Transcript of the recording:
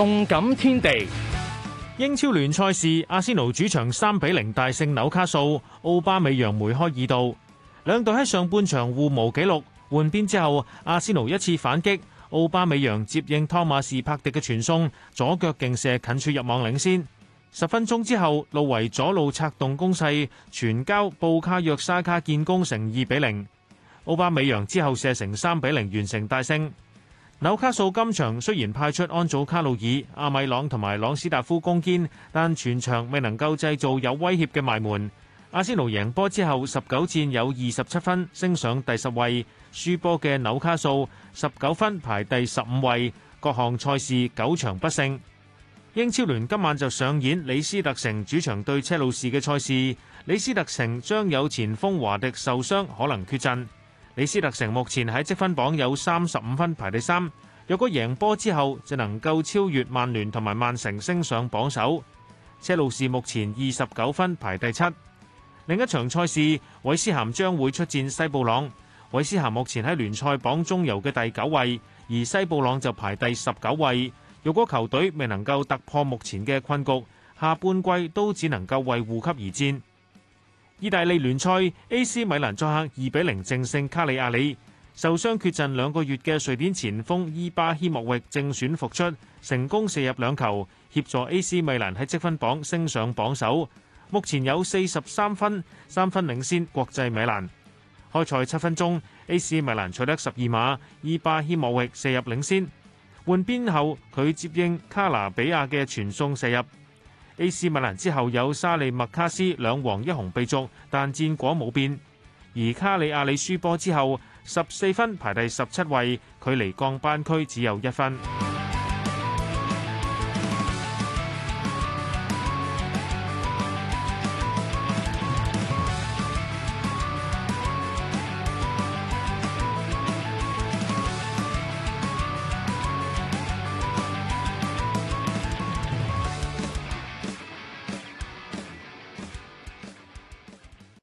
動感天地，英超聯賽事，阿仙奴主場三比零大勝紐卡素，奧巴美揚梅開二度。兩隊喺上半場互無紀錄，換邊之後，阿仙奴一次反擊，奧巴美揚接應湯馬士柏迪嘅傳送，左腳勁射近柱入網領先。十分鐘之後，路維左路策動攻勢，傳交布卡約沙卡建功成二比零，奧巴美揚之後射成三比零，完成大勝。紐卡素今場雖然派出安祖卡路爾、阿米朗同埋朗斯達夫攻堅，但全場未能夠製造有威脅嘅埋門。阿仙奴贏波之後，十九戰有二十七分，升上第十位。輸波嘅紐卡素十九分排第十五位，各項賽事九場不勝。英超聯今晚就上演李斯特城主場對車路士嘅賽事，李斯特城將有前鋒華迪受傷，可能缺陣。李斯特城目前喺積分榜有三十五分排第三，若果贏波之後就能夠超越曼聯同埋曼城升上榜首。車路士目前二十九分排第七。另一場賽事，韋斯咸將會出戰西布朗。韋斯咸目前喺聯賽榜中游嘅第九位，而西布朗就排第十九位。若果球隊未能夠突破目前嘅困局，下半季都只能夠為護級而戰。意大利聯賽，AC 米蘭作客二比零淨勝卡里亞里。受傷缺陣兩個月嘅瑞典前鋒伊巴希莫域正選復出，成功射入兩球，協助 AC 米蘭喺積分榜升上榜首。目前有四十三分，三分領先國際米蘭。開賽七分鐘，AC 米蘭取得十二碼，伊巴希莫域射入領先。換邊後，佢接應卡納比亞嘅傳送射入。AC 米蘭之後有沙利麥卡斯兩黃一紅被逐，但戰果冇變。而卡里亞里輸波之後，十四分排第十七位，距離降班區只有一分。